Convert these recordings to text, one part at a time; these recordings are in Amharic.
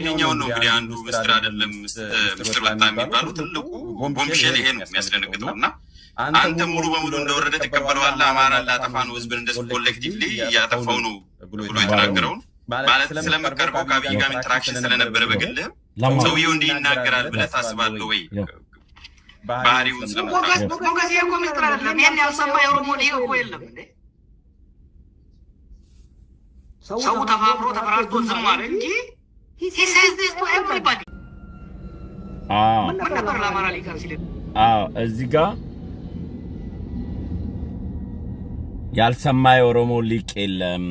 ይሄኛው ነው እንግዲህ አንዱ ምስጢር አይደለም ምስጢር ወጣ የሚባለው ትልቁ ቦምብሼል ይሄ ነው የሚያስደነግጠው እና አንተ ሙሉ በሙሉ እንደወረደ ትቀበለዋለህ። አማራ ላጠፋ ነው ህዝብን እንደ ኮሌክቲቭሊ እያጠፋው ነው ብሎ የተናገረውን ማለት ስለምቀርበው ከአብይ ጋር ኢንተራክሽን ስለነበረ በግልህም ሰውየው እንዲህ ይናገራል ብለህ ታስባለህ ወይ? ባህሪውን ስለሞጋስ እኮ ምስጢር አይደለም። ይህን ያልሰማ የኦሮሞ ልዩ እኮ የለም እንዴ ሰው ተፋፍሮ ተፈራርቶ ዝም አለ እንጂ እዚህ ጋ ያልሰማ የኦሮሞ ሊቅ የለም፣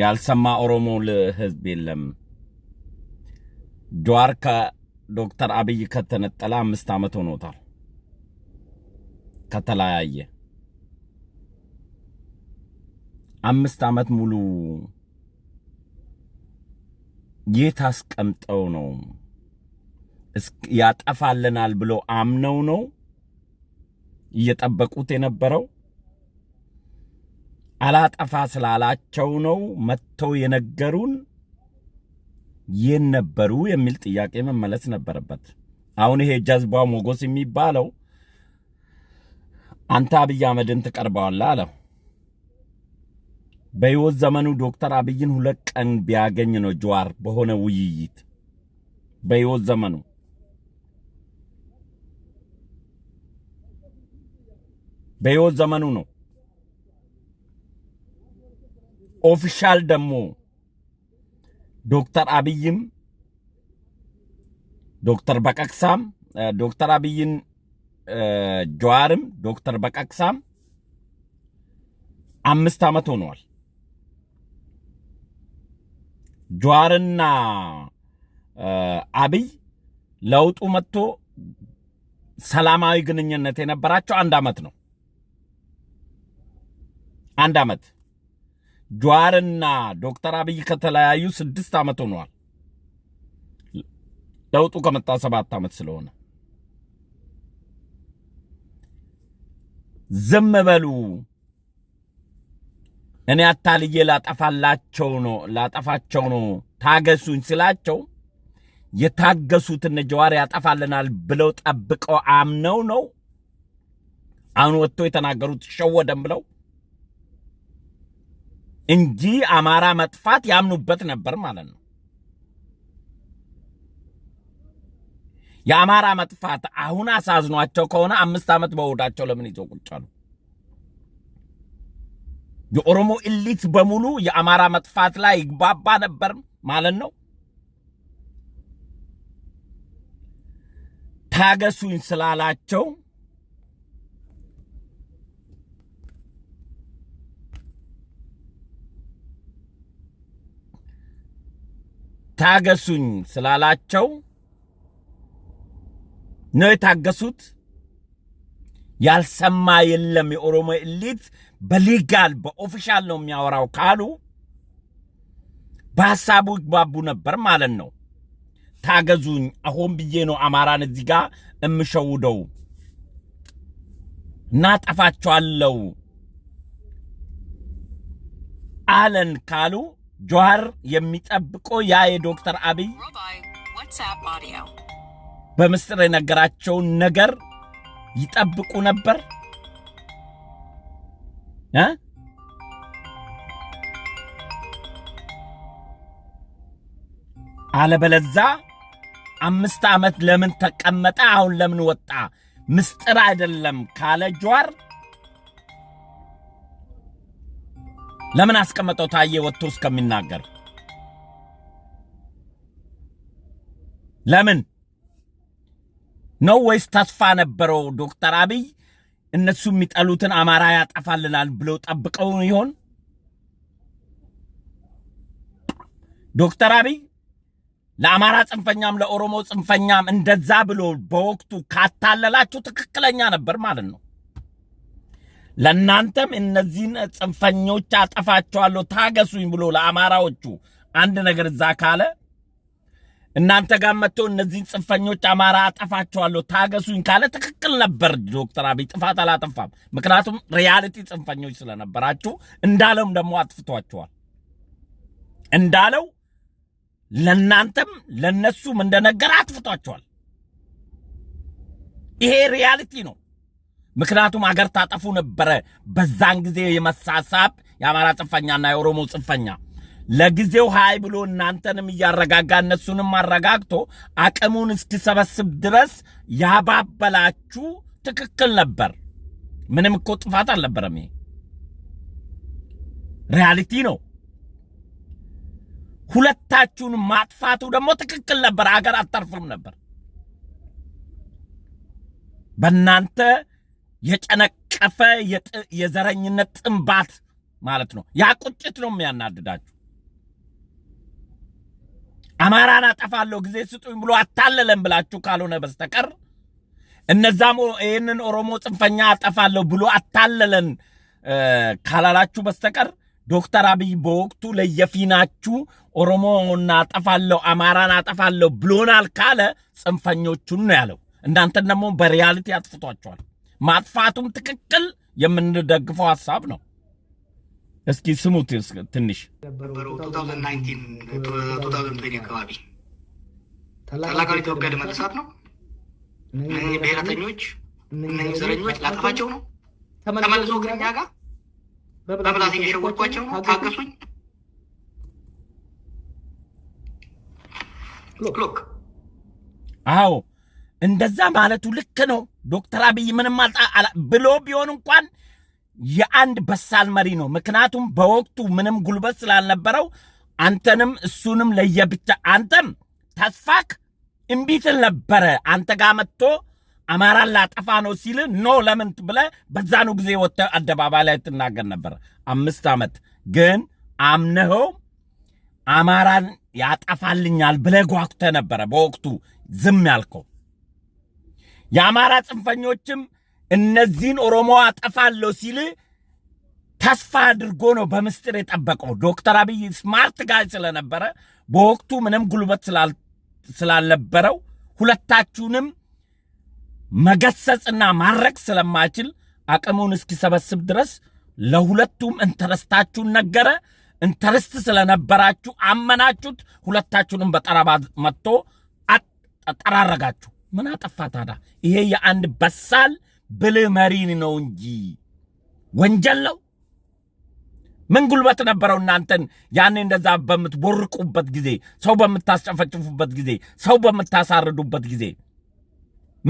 ያልሰማ ኦሮሞ ህዝብ የለም። ጀዋር ከዶክተር አብይ ከተነጠለ አምስት ዓመት ሆኖታል። ከተለያየ አምስት ዓመት ሙሉ የት አስቀምጠው ነው ያጠፋልናል ብለው አምነው ነው እየጠበቁት የነበረው? አላጠፋ ስላላቸው ነው መጥተው የነገሩን? የት ነበሩ የሚል ጥያቄ መመለስ ነበረበት። አሁን ይሄ ጀዝባ ሞጎስ የሚባለው አንተ አብይ አህመድን ትቀርበዋለህ አለው። በሕይወት ዘመኑ ዶክተር አብይን ሁለት ቀን ቢያገኝ ነው ጀዋር በሆነ ውይይት በሕይወት ዘመኑ በሕይወት ዘመኑ ነው። ኦፊሻል ደግሞ ዶክተር አብይም ዶክተር በቀቅሳም ዶክተር አብይን ጀዋርም ዶክተር በቀቅሳም አምስት ዓመት ሆነዋል። ጀዋርና አብይ ለውጡ መጥቶ ሰላማዊ ግንኙነት የነበራቸው አንድ አመት ነው። አንድ አመት ጀዋርና ዶክተር አብይ ከተለያዩ ስድስት አመት ሆኗል። ለውጡ ከመጣ ሰባት አመት ስለሆነ ዝም በሉ። እኔ አታልዬ ላጠፋላቸው ነው ላጠፋቸው ነው ታገሱኝ ስላቸው የታገሱት ጀዋር ያጠፋልናል ብለው ጠብቀው አምነው ነው አሁን ወጥቶ የተናገሩት ሸወደም ብለው እንጂ አማራ መጥፋት ያምኑበት ነበር ማለት ነው። የአማራ መጥፋት አሁን አሳዝኗቸው ከሆነ አምስት ዓመት በውዳቸው ለምን ይዘው ቁጭ አሉ? የኦሮሞ ኢሊት በሙሉ የአማራ መጥፋት ላይ ይግባባ ነበር ማለት ነው። ታገሱኝ ስላላቸው ታገሱኝ ስላላቸው ነው የታገሱት። ያልሰማ የለም። የኦሮሞ ኤሊት በሊጋል በኦፊሻል ነው የሚያወራው ካሉ በሀሳቡ ይግባቡ ነበር ማለት ነው። ታገዙኝ። አሁን ብዬ ነው አማራን እዚህ ጋር እምሸውደው እናጠፋቸዋለው አለን ካሉ ጆሃር የሚጠብቀው ያ የዶክተር አብይ በምስጢር የነገራቸውን ነገር ይጠብቁ ነበር አለበለዛ አምስት ዓመት ለምን ተቀመጠ አሁን ለምን ወጣ ምስጢር አይደለም ካለ ጀዋር ለምን አስቀመጠው ታዬ ወጥቶ እስከሚናገር ለምን ነው ወይስ ተስፋ ነበረው ዶክተር አብይ እነሱ የሚጠሉትን አማራ ያጠፋልናል ብለው ጠብቀው ይሆን? ዶክተር አብይ ለአማራ ጽንፈኛም ለኦሮሞ ጽንፈኛም እንደዛ ብሎ በወቅቱ ካታለላችሁ ትክክለኛ ነበር ማለት ነው። ለእናንተም እነዚህን ጽንፈኞች አጠፋቸዋለሁ ታገሱኝ ብሎ ለአማራዎቹ አንድ ነገር እዛ ካለ እናንተ ጋር መጥቶ እነዚህን ጽንፈኞች አማራ አጠፋቸዋለሁ ታገሱኝ ካለ ትክክል ነበር ዶክተር አብይ ጥፋት አላጠፋም። ምክንያቱም ሪያልቲ ጽንፈኞች ስለነበራችሁ እንዳለውም ደግሞ አጥፍቷቸዋል። እንዳለው ለእናንተም ለእነሱም እንደነገር አጥፍቷቸዋል። ይሄ ሪያልቲ ነው። ምክንያቱም አገር ታጠፉ ነበረ በዛን ጊዜ የመሳሳብ የአማራ ጽንፈኛና የኦሮሞ ጽንፈኛ ለጊዜው ሀይ ብሎ እናንተንም እያረጋጋ እነሱንም አረጋግቶ አቅሙን እስኪሰበስብ ድረስ ያባበላችሁ ትክክል ነበር። ምንም እኮ ጥፋት አልነበረም። ይሄ ሪያሊቲ ነው። ሁለታችሁን ማጥፋቱ ደግሞ ትክክል ነበር። አገር አታርፍም ነበር። በእናንተ የጨነቀፈ የዘረኝነት ጥንባት ማለት ነው። ያ ቁጭት ነው የሚያናድዳችሁ። አማራን አጠፋለሁ ጊዜ ስጡኝ ብሎ አታለለም ብላችሁ ካልሆነ በስተቀር እነዛም ይህንን ኦሮሞ ጽንፈኛ አጠፋለሁ ብሎ አታለለን ካላላችሁ በስተቀር ዶክተር አብይ በወቅቱ ለየፊናችሁ ኦሮሞ አጠፋለሁ አማራን አጠፋለሁ ብሎናል ካለ ጽንፈኞቹን ነው ያለው። እናንተን ደግሞ በሪያሊቲ ያጥፍቷቸዋል። ማጥፋቱም ትክክል የምንደግፈው ሀሳብ ነው። እስኪ ስሙት ትንሽ አካባቢ ታላቃዊ ኢትዮጵያ ለመነሳት ነው። እነህ ብሔረተኞች እነህ ዘረኞች ላጠፋቸው ነው። ተመልሶ ግን እኛ ጋር በብላት እየሸወድኳቸው ነው። ታገሱኝ። ሎክ አዎ እንደዛ ማለቱ ልክ ነው። ዶክተር አብይ ምንም አልጣ ብሎ ቢሆን እንኳን የአንድ በሳል መሪ ነው። ምክንያቱም በወቅቱ ምንም ጉልበት ስላልነበረው አንተንም እሱንም ለየብቻ አንተም ተስፋክ እምቢትል ነበረ። አንተ ጋር መጥቶ አማራን ላጠፋ ነው ሲል ኖ ለምንት ብለ በዛኑ ጊዜ ወጥተ አደባባይ ላይ ትናገር ነበር። አምስት ዓመት ግን አምነኸው አማራን ያጠፋልኛል ብለ ጓጉተህ ነበረ። በወቅቱ ዝም ያልከው የአማራ ጽንፈኞችም እነዚህን ኦሮሞ አጠፋለሁ ሲል ተስፋ አድርጎ ነው በምስጢር የጠበቀው። ዶክተር አብይ ስማርት ጋር ስለነበረ በወቅቱ ምንም ጉልበት ስላልነበረው ሁለታችሁንም መገሰጽና ማድረግ ስለማይችል አቅሙን እስኪሰበስብ ድረስ ለሁለቱም እንተረስታችሁን ነገረ። እንተረስት ስለነበራችሁ አመናችሁት። ሁለታችሁንም በጠረባ መጥቶ ጠራረጋችሁ። ምን አጠፋ ታዲያ? ይሄ የአንድ በሳል ብልህ መሪን ነው እንጂ ወንጀል ነው። ምን ጉልበት ነበረው እናንተን ያኔ እንደዛ በምትቦርቁበት ጊዜ፣ ሰው በምታስጨፈጭፉበት ጊዜ፣ ሰው በምታሳርዱበት ጊዜ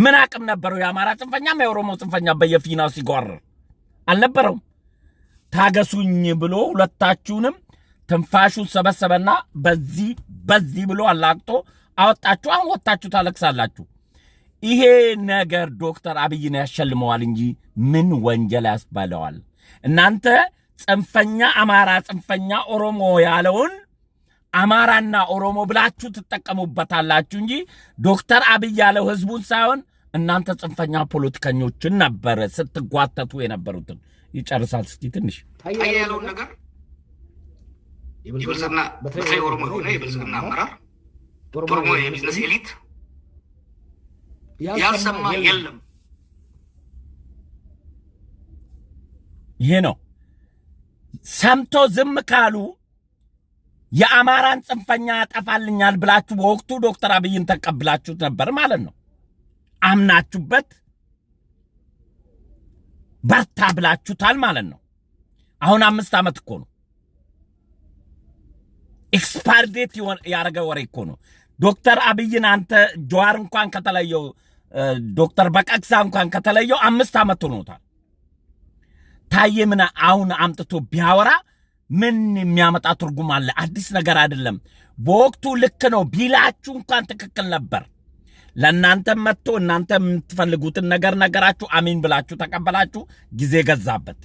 ምን አቅም ነበረው? የአማራ ጽንፈኛም የኦሮሞ ጽንፈኛ በየፊናው ሲጓር አልነበረውም። ታገሱኝ ብሎ ሁለታችሁንም ትንፋሹን ሰበሰበና በዚህ በዚህ ብሎ አላቅቶ አወጣችሁ። አሁን ወጥታችሁ ታለቅሳላችሁ። ይሄ ነገር ዶክተር አብይን ያሸልመዋል እንጂ ምን ወንጀል ያስባለዋል? እናንተ ጽንፈኛ አማራ፣ ጽንፈኛ ኦሮሞ ያለውን አማራና ኦሮሞ ብላችሁ ትጠቀሙበታላችሁ እንጂ ዶክተር አብይ ያለው ህዝቡን ሳይሆን እናንተ ጽንፈኛ ፖለቲከኞችን ነበረ ስትጓተቱ የነበሩትን። ይጨርሳል። እስኪ ትንሽ ታየ ያለውን ነገር የብልጽግና በተለይ ኦሮሞ የሆነ የብልጽግና አመራር ኦሮሞ የቢዝነስ ኤሊት ያልሰማ የለም። ይሄ ነው። ሰምቶ ዝም ካሉ የአማራን ጽንፈኛ ያጠፋልኛል ብላችሁ በወቅቱ ዶክተር አብይን ተቀብላችሁት ነበር ማለት ነው። አምናችሁበት በርታ ብላችሁታል ማለት ነው። አሁን አምስት ዓመት እኮ ነው ኤክስፓርዴት ያደረገ ወሬ እኮ ነው። ዶክተር አብይን አንተ ጀዋር እንኳን ከተለየው ዶክተር በቀቅሳ እንኳን ከተለየው አምስት ዓመት ሆኖታል። ታዬ ምን አሁን አምጥቶ ቢያወራ ምን የሚያመጣ ትርጉም አለ? አዲስ ነገር አይደለም። በወቅቱ ልክ ነው ቢላችሁ እንኳን ትክክል ነበር። ለእናንተም መጥቶ እናንተ የምትፈልጉትን ነገር ነገራችሁ። አሚን ብላችሁ ተቀበላችሁ። ጊዜ ገዛበት።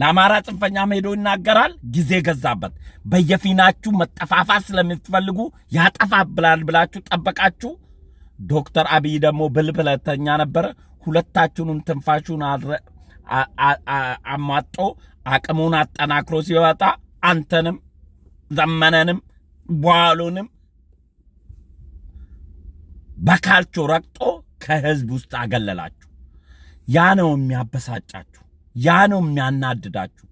ለአማራ ጽንፈኛ ሄዶ ይናገራል። ጊዜ ገዛበት። በየፊናችሁ መጠፋፋት ስለምትፈልጉ ያጠፋ ብላል ብላችሁ ጠበቃችሁ። ዶክተር አብይ ደግሞ ብልብለተኛ ነበረ። ሁለታችሁንም ትንፋሹን አሟጦ አቅሙን አጠናክሮ ሲወጣ አንተንም ዘመነንም ቧሉንም በካልቾ ረግጦ ከህዝብ ውስጥ አገለላችሁ። ያ ነው የሚያበሳጫችሁ፣ ያ ነው የሚያናድዳችሁ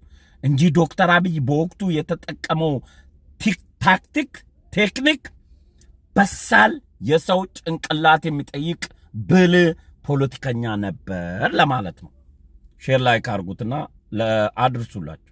እንጂ ዶክተር አብይ በወቅቱ የተጠቀመው ታክቲክ፣ ቴክኒክ በሳል የሰው ጭንቅላት የሚጠይቅ ብልህ ፖለቲከኛ ነበር ለማለት ነው። ሼር ላይክ አድርጉትና አድርሱላቸው።